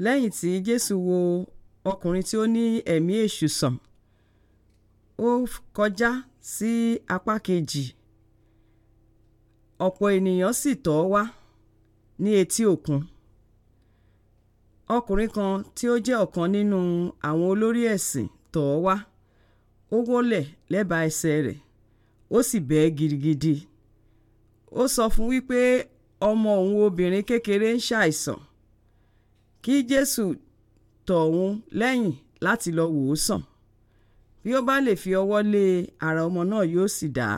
lẹ́yìn tí jésù wo ọkùnrin tí ó ní ẹ̀mí èṣù sàn ó kọjá sí apá kejì ọ̀pọ̀ ènìyàn sì tọ̀ ọ́ wá ní etí òkun ọkùnrin kan tí ó jẹ́ ọ̀kan nínú àwọn olórí ẹ̀sìn tọ̀ wá ó wólẹ̀ lẹ́bàá ẹsẹ̀ rẹ̀ ó sì bẹ́ẹ̀ gidigidi ó sọ fún wípé ọmọ òun obìnrin kékeré ń ṣàìsàn kí Jésù tọ̀hún lẹ́yìn láti lọ wò ó sàn bí ó bá lè fi ọwọ́ lé ara ọmọ náà yóò sì dá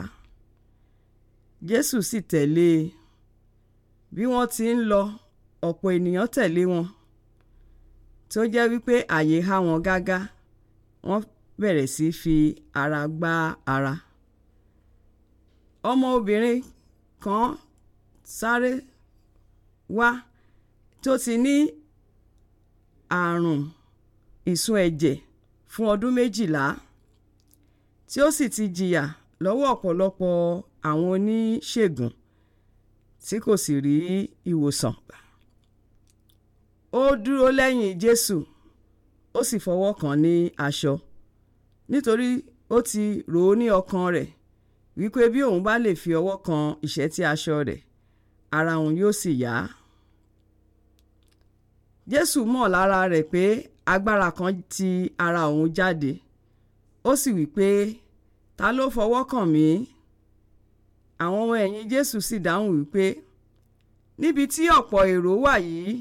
Jésù sì tẹ̀lé e bí wọ́n ti ń lọ ọ̀pọ̀ ènìyàn tẹ̀lé wọn tó jẹ́ wípé àyè há wọn gágá wọ́n bẹ̀rẹ̀ sí fi ara gbá ara ọmọ obìnrin kan sáré wá tó ti ní àrùn ìsun ẹ̀jẹ̀ fún ọdún méjìlá tí ó sì ti jìyà lọ́wọ́ ọ̀pọ̀lọpọ̀ àwọn oníṣègùn tí kò sì rí ìwòsàn gbà. ó dúró lẹ́yìn Jésù ó sì fọwọ́ kàn ní aṣọ nítorí ó ti rò ó ní ọkàn rẹ̀ wípé bí òun bá lè fi ọwọ́ kan ìṣẹ́tí aṣọ rẹ̀ ara òun yóò sì yá. Si Jésù mọ̀ lára rẹ̀ pé agbára kan ti ara òun jáde ó sì wí pé ta ló fọwọ́ kàn mí àwọn ọmọ ẹ̀yìn Jésù sì dáhùn wípé níbi tí ọ̀pọ̀ èrò wà yìí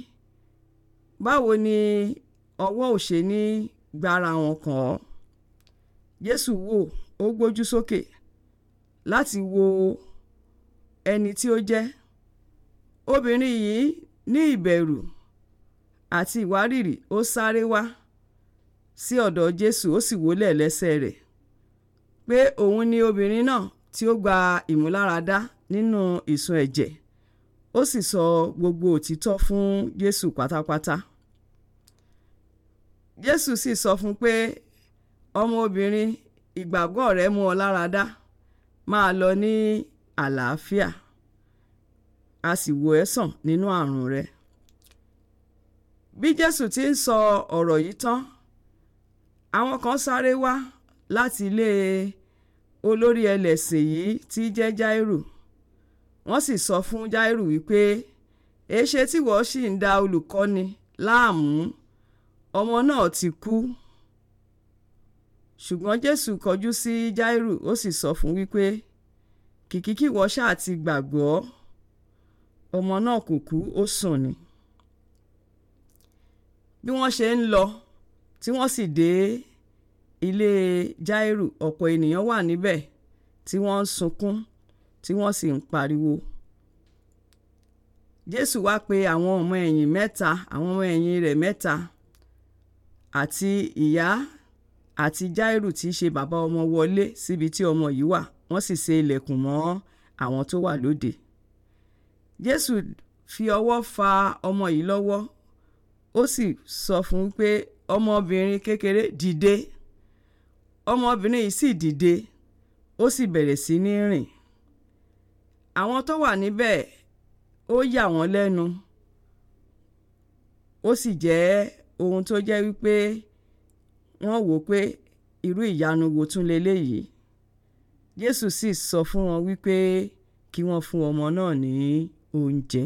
báwo ni ọwọ́ òṣè ní gbára wọn kàn ọ́ Jésù wò ó gbójú sókè láti wo ẹni tí ó jẹ́ obìnrin yìí ní ìbẹ̀rù àti ìwárìrì ó sáré wá sí ọ̀dọ̀ Jésù ó sì wólẹ̀ lẹ́sẹ̀ rẹ̀ pé òun ni obìnrin náà tí ó gba ìmúláradá nínú ìsun ẹ̀jẹ̀ ó sì sọ gbogbo òtítọ́ fún Jésù pátápátá Jésù sì sọ fún pé ọmọbìnrin ìgbàgbọ́ rẹ mú ọ láradá máa lọ ní àlàáfíà a sì wò ẹ́ sàn nínú àrùn rẹ bí jésù ti ń sọ ọ̀rọ̀ yìí tán àwọn kan sáré wá láti ilé olórí ẹlẹ́sìn yìí tí jẹ́ jáírù wọ́n sì sọ fún jáírù wípé èéṣe tí wọ́n sì ń da olùkọ́ni láàmú ọmọ náà ti kú ṣùgbọ́n jésù kọjú sí jáírù ó sì sọ fún wípé kìkì wọ́n ṣáà ti gbàgbọ́ ọmọ náà kò kú ó sùn ni bí wọ́n ṣe ń lọ tí wọ́n sì dé ilé Jairu ọ̀pọ̀ ènìyàn wà níbẹ̀ tí wọ́n ń sunkún tí wọ́n sì ń pariwo Jésù wá pe àwọn ọmọ ẹ̀yìn mẹ́ta àwọn ọmọ ẹ̀yìn rẹ̀ mẹ́ta àti ìyá àti Jairu tí í ṣe bàbá ọmọ wọlé síbi tí ọmọ yìí wà wọ́n sì ṣe ilẹ̀kùn mọ́ àwọn tó wà lóde Jésù fi ọwọ́ fa ọmọ yìí lọ́wọ́ ó sì sọ fún un pé ọmọbìnrin kékeré dìde ọmọbìnrin yìí sì dìde ó sì bẹ̀rẹ̀ sí ní rìn àwọn tó wà níbẹ̀ ó yà wọ́n lẹ́nu ó sì jẹ́ ohun tó jẹ́ wípé wọ́n wò pé irú ìyanu wo tún leléyìí Jésù sì sọ fún wọn wípé kí wọ́n fún ọmọ náà ní oúnjẹ.